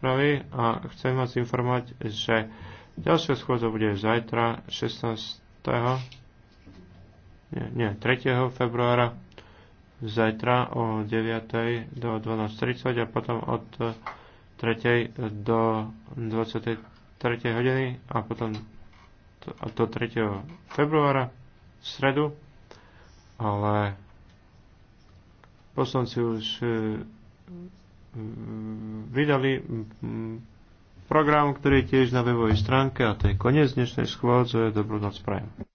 rozpravy a chcem vás informovať, že ďalšia schôdza bude zajtra 16. Nie, nie, 3. februára zajtra o 9. do 12.30 a potom od 3. do 23. hodiny a potom do 3. februára v sredu, ale poslanci už e, vydali mm, mm, program, ktorý je tiež na webovej stránke a to je koniec dnešnej schôdze. Dobrú noc prajem.